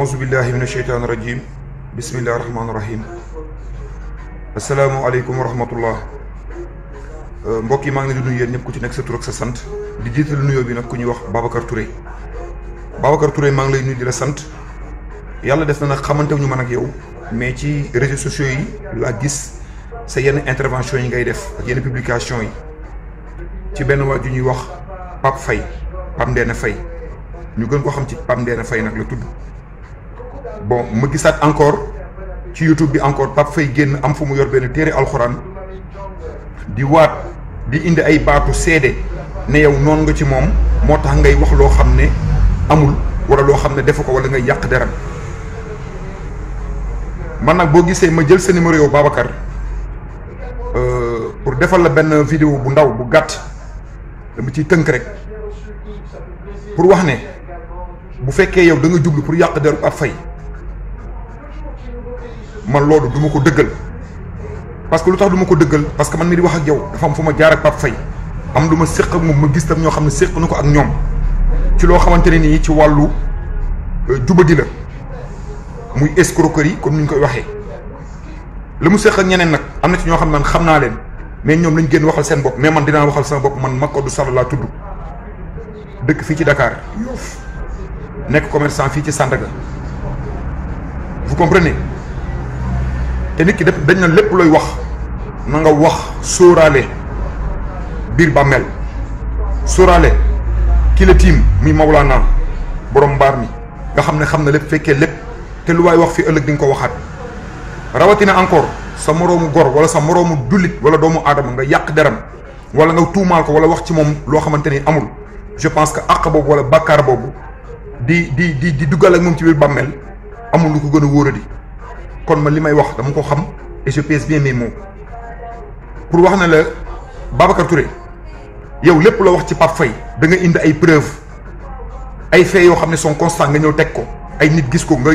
aousubillahi min asheytaan irajim bismillahi rahmaani rahim asalaamualeykum wa rahmatullah euh, mbokk yi maa ngi leen di nuyu yéen ñëpp ku ci nekk sa tur sa sant di jiital bi nag ku ñuy wax Babacar Touré Babacar Touré maa ngi lay nuyu di la sant yàlla def na nag xamante ñu mën ak yow mais ci réseaux sociaux yi laa gis sa yenn intervention yi ngay def ak yenn publication yi ci benn waa ju ñuy wax Pape Faye Pape Ndéné Faye ñu gën ko xam ci Pape Ndéné fay nag la tudd bon ma gissat encore ci youtube bi encore pap fay guen am fu mu yor ben téré alcorane di wat di indi ay baatu cédé né yow non nga ci mom motax ngay wax lo xamné amul wala lo xamné ne wala ngay yak deram man nak bo gissé ma jël sa numéro yow Babacar euh, pour defal la ben vidéo bu ndaw bu gatt dama ci teunk rek pour wax né bu féké yow da nga djublu pour yak ak fay man loolu duma ko deugal parce que lutax duma ko deugal parce que man mi di wax ak yow dafa am fuma jaar ak pap fay am duma sekk ak mom ma gis tam ñoo xam ne séq ak ñom ci lo xamanteni ne nii ci wàllu euh, jubadi la muy escroquerie comme ni koy waxe li mu séq ak ñeneen nak am na ci ño xam ne man xam naa mais ñom lañu génn waxal seen bopp mais man dina waxal sama bopp man Macodou Sall laa tudd dekk fi ci Dakar nek commerçant fi ci Sandaga vous comprenez te nit ki def dañ na lepp loy wax na nga wax bir ba mel sóoraale ki le tim muy mawlaana borom bar mi nga xamna lepp na lepp te lu way wax fi ëllëg di ko rawatina encore sa moromu gor wala sa moromu dulit wala doomu adam nga yak deram wala nga tuumal ko wala wax ci mom lo xamanteni amul je pense que àq bobu wala bakar bobu di di di di dugal ak mom ci bir bàmmeel amul lu ko gëna wooradi kon ma limay wax dama ko xam et je pèse bien mes mots pour wax na la Babacar Touré yow lepp la wax ci pap fay da nga indi ay preuves ay faits yo xamné son constant nga ñëw tek ko ay nit gis ko nga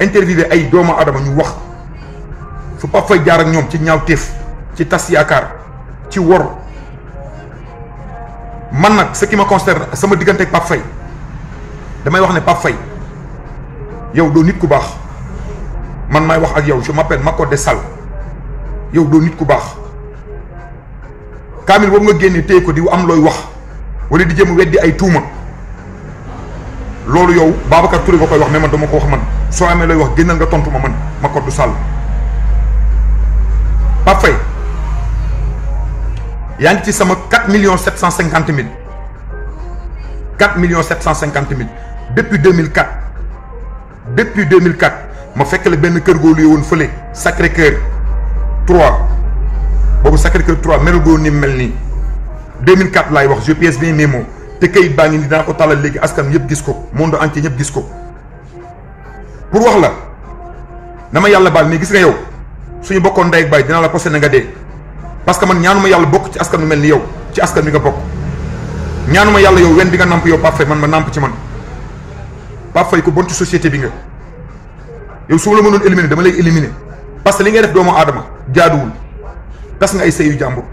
interviewé ay doomu adama ñu wax fu pap fay jaar ak ñom ci ñaawteef ci tas yaakaar ci wor man nak ce qui me concerne sama digënté ak pap fay damay wax né pap fay yow do nit ku bax man may wax ak yow je m'appelle mako dessal yow do nit ku bax kamil boobu nga genné téye ko di am loy wax wala di jëm weddi ay touma lolou yow Babacar Touré nga koy wax mais man dama ko wax man so amee loy wax génnal nga tontu ma man mako Sall Pape Faye yaa ngi ci sama 4 millions 750 000. 4 millions 750 000. depuis 2004 depuis 2004 ma fekk la benn kër goo luye fële Sacré Cœur 3 boobu Sacré Cœur 3 mel goo ni mel nii 2004 laay wax je pèse bien mes mots te kayit baa ngi ni dinaa ko talal léegi askan yëpp gis ko monde entier ñëpp gis ko pour wax la na ma yàlla baal mais gis nga yow suñu bokkoon ndey ak baay dinaa la posé na nga dee parce que man ñaanuma yàlla bokk ci askan mu mel ni yow ci askan mi nga bokk ñaanuma yàlla yow wen bi nga namp yow parfait man ma namp ci man parfait Faye ku bon ci société bi nga yow su ma la mënoon éliminer dama lay éliminer parce que li ngay def doomu adama jaadul tass nga ay sëyu jambour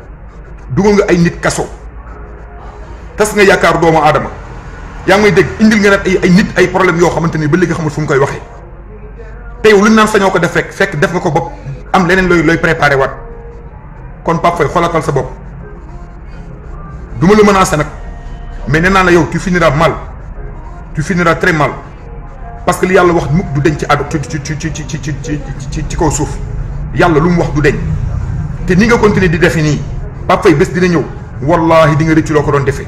dugal nga ay nit kasso tass nga yaakaar doomu adama yang ngi deg indil nga nak ay ay nit ay problème yo xamanteni ba léegi xamul fu ngui koy waxee te lu nane naan ko def rek fek def nga ko am leneen loy loy préparer wat kon pap fay xolatal sa bop duma lu menacer nak mais nena la yow tu finiras mal tu finiras très mal. parce que Yalla wax mukk du deñ ci adu ci ci ci ci ci ci ci kaw suuf yàlla lu mu wax du deñ te ni nga continuer di def ni Pape fay bés dina ñew wallahi di nga rëcc loo ko don defé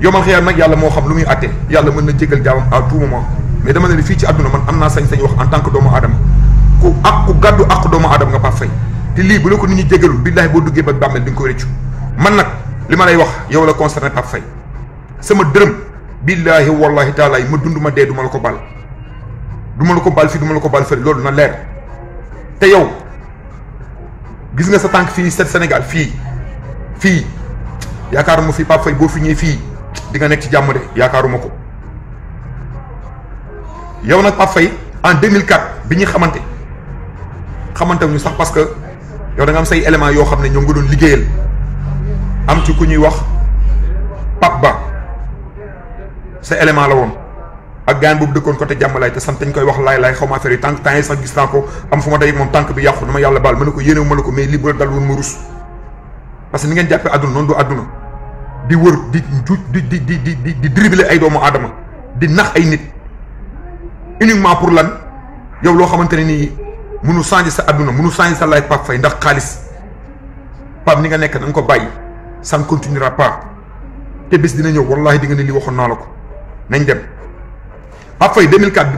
yomal xiyam nak Yalla mo xam lu muy àtte yàlla mën na jégal jaamam à tout moment mais dama ne fi ci aduna man amna sañ-sañ wax en tant que doomu adam ku ak ku gàddu ak doomu adam nga Pape fay te li bu lako ko nit ñi jégalul billaahi boo duggee ba bàmmeel di nga koy rëccu man nak li ma lay wax yow la concerner Pape fay sama dërëm billahi wallahi taala ma dunduma de duma lako bal duma lako bal fi duma lako bal fële lolou na leer te yow gis nga sa tank fi set Senegal fi fii yaakaaruma fi Pape fay bo fi ñëwee fi di nga nek ci jamm de yaakaaruma ko yow nak Pape fay en 2004 bi ñu xamanté xamante ñu sax parce que yow da nga am say éléments yo xamné ñu ñoom nga doon liggéeyal am ci ku ñuy wax. sa élément la won ak gaan boobu dëkkoon côté jàmmalaay te sant dañ koy wax lay lay xawma ma affaire yi tànk temps sax gis naa ko am fuma day mom tank bi yàqu dama yalla bal manuko yene ko yéene mais lii bu dal won mu rus parce ni ngeen jappé àdduna non do aduna di wër di ju di di di di di di dribbler ay doomu adama di nax ay nit uniquement pour lan yow lo xamanteni ni munu mënu sa aduna munu changer sa lay pap fay ndax khalis pap ni nga nek na ko bayyi ça ne continuera pas te bis dina ñew wallahi di nga ni li waxon naa la nañ dem Pape 2004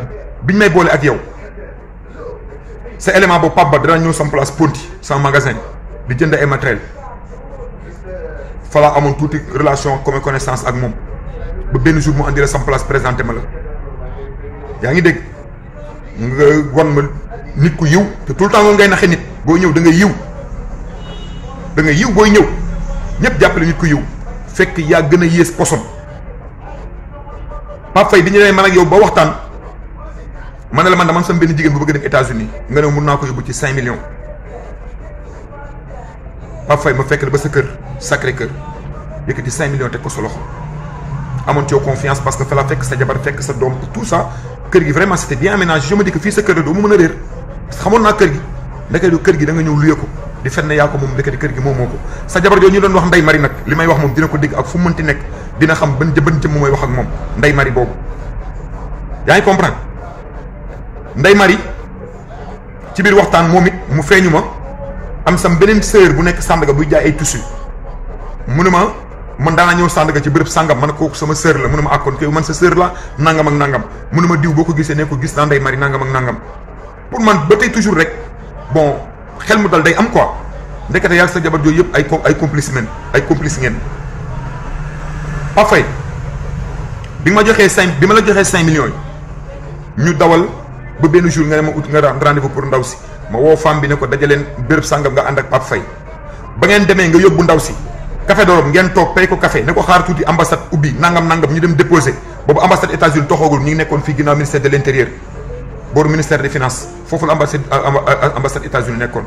biñ may bolé ak yow sa élément bo Pape Ba Fala ñëw place Ponti magasin di jënd matériel relation comme connaissance ak mom benn jour mu andi la place présenté ma la ngi ma tout le temps ngay ont nit bo da nga yiw da nga yiw Ils a Pape Faye bi ñu man ak yow ba waxtaan ma la man dama sam ben jigen bu bëgg dem États-Unis nga ne mu na ko yóbbu ci 5 millions Pape Faye ma fekk ba sa kër sacré kër yëkëti 5 millions té ko solo xam amon ci yow confiance parce que fa la fekk sa jabar fekk sa dom tout ça kër gi vraiment c'était bien aménagé je me dis que fi sa kër do mu mëna rër réer parce que xamoon naa kër gi ndeke do kër gi da nga ñëw luyé ko di fenn ya ko mom ndeke di kër gi moom moo sa jabar jooju ñu doon wax Ndeye mari nak limay wax mom dina ko dégg ak fu mënti nek dina xam ban jëban jëmm mooy wax ak moom nday mari boobu yaa ngi comprendre nday mari ci biir waxtaan moom it mu feeñu ma am sam beneen sœur bu nekk Sandaga buy jaay ay tissus mu ne ma man daanaa ñëw Sandaga ci bërëb sàngam man kooku sama sœur la mu ne ma àkkoon ah, kay man sa sœur la nangam ak nangam mu ne ma diw boo ko gisee ne ko gis naa nday mari nangam ak nangam pour man ba tey toujours rek bon xel mu dal day am quoi ndekete yàlla sa jabar jooyu yëpp ay ay complice men ay complice ngeen parfait. Faye bi ma joxee cinq la joxee cinq millions ñu dawal ba ben jour nga ne ma ut nga rendez-vous pour ndaw si ma wo fam bi ne ko dajaleen béréb sangam nga and ak Pape Fay. ba ngeen démé nga yobbu ndaw si café d'Europe ngeen tok pay ko café ne ko xaar tuuti ambassade ubi. nangam nangam ñu dem déposé Bobu ambassade États-Unis toxoogul ñi ngi fi fii ministère de l'intérieur Bor ministère des finances fofu ambassade ambassade États-Unis nekkoon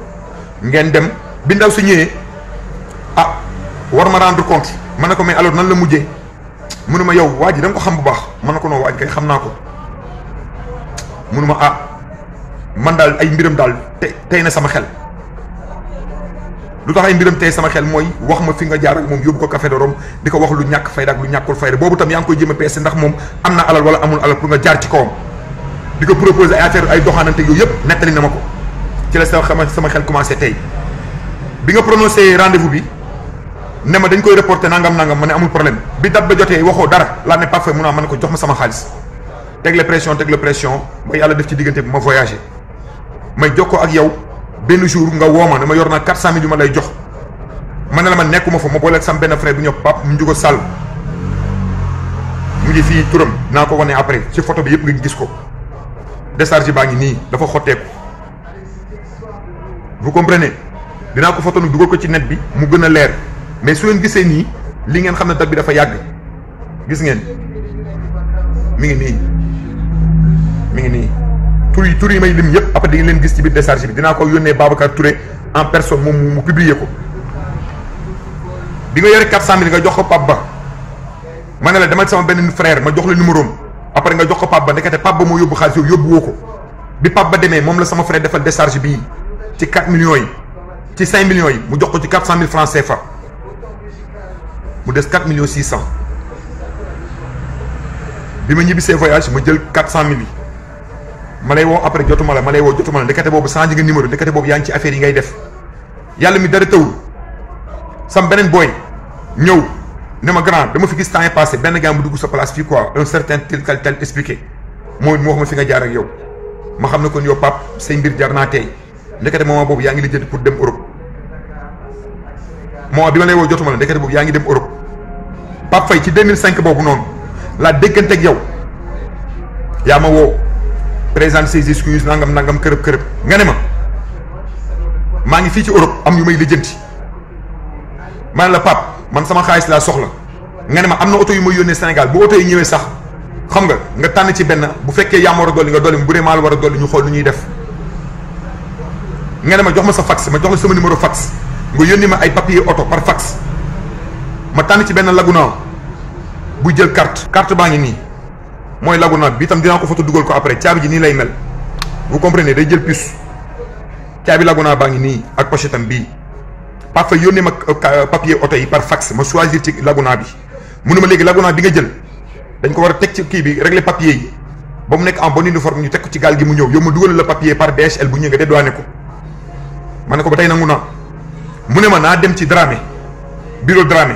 ngeen dem bi ndaw si ah war ma rendre compte Mané ko mais alors nan la mujjé mënu ma yow waa ji da nga ko xam bu baax mën na ko noo waa ji kay xam naa ko mënu ma ah man daal ay mbiram daal te tey na sama xel lu tax ay mbiram tey sama xel mooy wax ma fi nga jaar ak moom yóbbu ko Café de di ko wax lu ñàkk fayda ak lu ñàkkul fayda boobu tam yaa ngi koy jëm a peese ndax moom am na alal wala amul alal pour nga jaar ci kawam di ko proposer ay affaire ay doxaanante yooyu yëpp nettali na ma ko ci la sama sama xel commencé tey bi nga prononcé rendez-vous bi. ne ma dañ koy reporter nangam nangam mané amul problème bi date ba jotee waxoo dara la né parfait mun man ko jox ma sama xaliss tek le pression tek le pression ba yalla def ci digënté ma voyager may jokkoo ak yow benn jour nga woma dama ne ma yor naa 400000 yu ma lay jox ma ne la ma nekkuma fa ma booleeg sam benn frère bi ñëw Pape mu njugo sal mu ngi fii turam na ko wane après ci photo bi yépp nga gis ko décharge baa ngi ni dafa xoté ko vous comprenez dina ko photo nu duggal ko ci net bi mu gëna lèr mais su ngeen gisee nii li ngeen xam ne date bi dafa yàgg gis ngeen mi ngi nii mi ngi nii tur yi tur yi may lim yëpp après di ngeen leen gis ci biir décharge bi dinaa ko yónnee Babacar Touré en personne moom mu publier ko bi nga yore 400000 nga jox ko Pape Ba ma ne la demal sama benn frère ma jox la numéro après nga jox ko Pape Ba ndekete Pape Ba moo yóbbu xaalis yow yóbbu woo ko bi Pape Ba demee moom la sama frère defal décharge bii ci 4 millions yi ci 5 millions yi mu jox ko ci 400000 francs CFA. mu des 4 millions 600 bi ma ñibbisee voyage ma jël 400000 ma lay woo après jotuma la ma lay woo jotuma la ndekete boobu changé nga numéro ndekete boobu yaa def yàlla mi dara tawul sam beneen booy ñëw ne ma grand dama fi gis temps yi passé benn gars mu dugg sa place fii quoi un certain tel tel tel expliqué mooy mu wax ma fi nga jaar ak yow ma xam ne kon yow Pape say mbir jar naa tey ndekete moom boobu yaa ngi lijjanti pour dem Europe moment bi ma lay woo jotuma la ndekete boobu yaa ngi dem Europe. Pape Faye ci 2005 boobu noonu laa déggante ak yow yaa ma woo présente ses excuses nangam nangam kërëb kërëb nga ne ma maa ngi fii ci Europe am yu may lijjanti ma ne la Pape man sama xaalis laa soxla nga ne ma am na oto yu may yónnee Sénégal bu oto yi ñëwee sax xam nga nga tànn ci benn bu fekkee yaam ma war a dolli nga dolli bu dee maa la war a dolli ñu xool nu ñuy def nga ne ma jox ma sa fax ma jox la sama numéro fax nga yónni ma ay papier oto par fax. ma tànn ci ben laguna bu jël carte carte baangi ni moy laguna bi tam dina ko foto dugal ko après caabi ji nii lay mel vous comprenez day jël puce caabi laguna baangi ni ak pochetam bi bii Pape Faye yónnee ma euh, papier auto yi par fax ma choisir ci laguna bi mënuma léegi laguna bi nga jël dañ ko wara tek ci ki bi régler papier yi ba nek en bonne uniforme ñu tek ko ci gal gi mu ñew yow ma dugal la papier par DHL bu ñëwee nga dédouané ko mané ko batay nanguna nangu na dem ci Dramé bureau Dramé.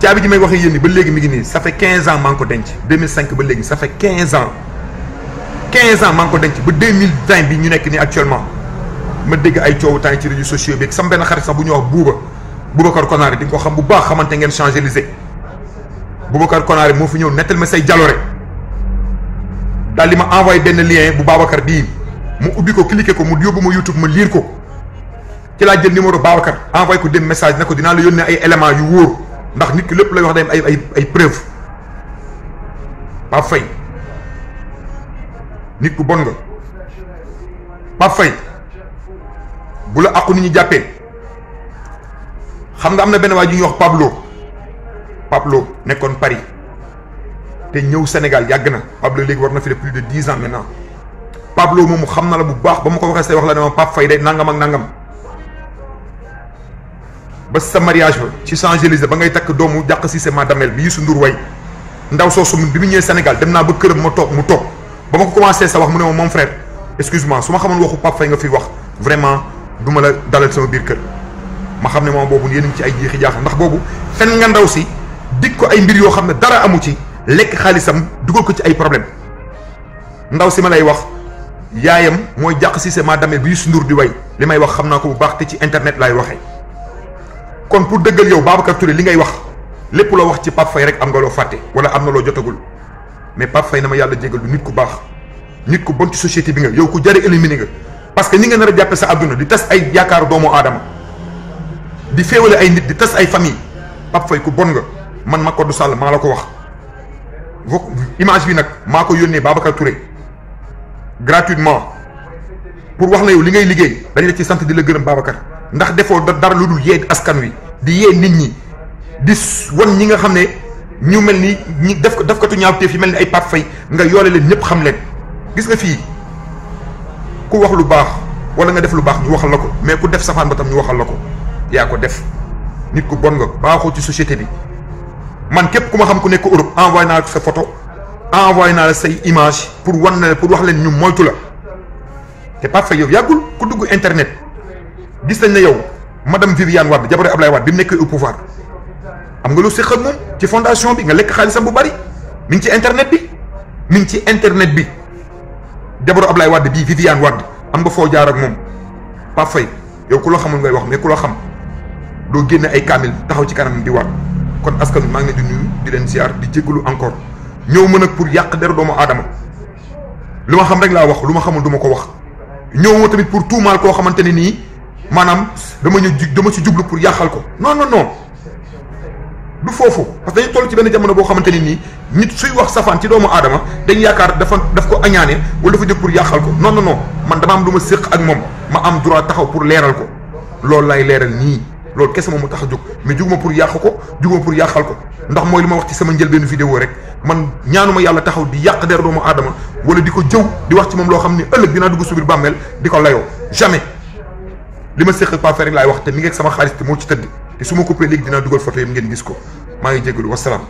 caabi ji may wax ak yéen ni ba léegi mi ngi nii ça fait 15 ans maa ngi 2005 ba léegi ça fait 15 ans 15 ans maa ngi ba 2020 bi ñu nekk nii actuellement ma dégg ay coowu temps ci réseaux sociaux bi sama benn xarit sax bu ñuy wax Bouba Boubacar Konaré di nga ko xam bu baax xamante ngeen les idées Boubacar Konaré moo fi ñëw nettal ma say jaloore daal di ma envoyé benn lien bu Babacar bii mu ubbi ko cliqué ko mu yóbbu ma YouTube ma lire ko ci laa jël numéro Babacar envoyé ko dem message ne ko dinaa la yónnee ay éléments yu wóor ndax nit ki lépp lay wax day ay ay ay preuve pas nit ku bon nga nit Pablo Pablo nekkoon Paris te ñëw Sénégal yàgg na Pablo léegi war na fi de plus de 10 ans maintenant Pablo moom xam la bu baax ba ko waxee say wax la ne nangam nangam. ba sa mariage ba ci Champs-Élysées ba ngay takk doomu jàq si sama damel bi Youssou Ndour way ndaw soosu bi mu ñëwee Sénégal dem naa ba këram ma toog mu toog ba ma ko commencé sa wax mu ne ma mon frère excuse-moi su ma xamoon waxu Pape Faye nga fi wax vraiment du ma la dalal sama biir kër ma xam ne moom boobu yéen ci ay jeexi jaax ndax boobu fen nga ndaw si dig ko ay mbir yoo xam ne dara amu ci lekk xaalisam dugal ko ci ay problème ndaw si ma lay wax yaayam mooy jàq si sama damel bi Youssou Ndour di way li may wax xam naa ko bu baax te ci internet laay waxee kon pour dëggal yow Babacar Touré li ngay wax lépp loo wax ci Pape Faye rek am nga loo fàtte wala am na loo jotagul mais Pape fay na ma yàlla jégal du nit ku baax nit ku bon ci société bi nga yow ku jare éliminé nga parce que ni nga nar a jàppe sa àdduna di tas ay yaakaaru doomo aadama di féewale ay nit di tas ay famille Pape Faye ku bon nga man ma Codou Sall maa la ko wax image bi nag maa ko yónnee Babacar Touré gratuitement pour wax na yow li ngay liggéey dañ la ci sant di la gërëm Babacar ndax defoo da dara lu dul yee askan wi di yee nit ñi di wan ñi nga xam ne ñu mel ni ñi def ko def ko tu ñaawteef yi mel ni ay Pape Faye nga yoole leen ñëpp xam leen gis nga fii ku wax lu baax wala nga def lu baax ñu waxal la ko mais ku def safaan ba ñu waxal la ko yaa ko def nit ku bon nga baaxoo ci société bi man képp ku ma xam ku nekk Europe envoyé naa la sa photo envoyé naa la say image pour wan na pour wax leen ñu moytu la te Pape Faye yow yàggul ku dugg internet gis nañ yow madame Viviane Wade Jabaré Ablaye Wade bi mu au pouvoir am nga lu séq ak moom ci fondation bi nga lekk xalissam bu bari mi ngi ci internet bi mi ngi ci internet bi jabaru Ablaye Wade bi Viviane Wade am nga fo jaar ak mom Pape yow ku xamul ngay wax mais ku loo xam do génne ay kamil taxaw ci kanam di waat kon askan wi maa ngi di nuyu di len ziar di jégalu encore ñew mëna pour yàq der doomu aadama luma xam rek la wax luma xamul duma ko wax ñew mo tamit pour tout mal ko ne ni maanaam dama ñu dama ci jublu pour yàqal ko non non non du foofu parce que dañu toll ci benn jamono boo xamante ni nii nit suy wax safaan ci doomu aadama dañ yaakaar dafa daf ko añaane wala dafa jóg pour yàqal ko non non non man dama am lu ma ak moom ma am droit taxaw pour leeral ko loolu lay leeral nii loolu kese moom mu tax a jóg mais juguma pour yàq ko juguma pour yàqal ko ndax mooy li ma wax ci sama njëlbeenu vidéo rek man ñaanuma yàlla taxaw di yàq der doomu aadama wala di ko jëw di wax ci moom loo xam ne ëllëg dinaa dugg subir bàmmeel di ko layoo jamais lima ma séq Pape Fer laay wax te mi ngeeg sama xaalis te moo ci tëdd te su ma coupé léegi dinaa dugal photo yi ngeen gis ko maa ngi jégalu wasalaam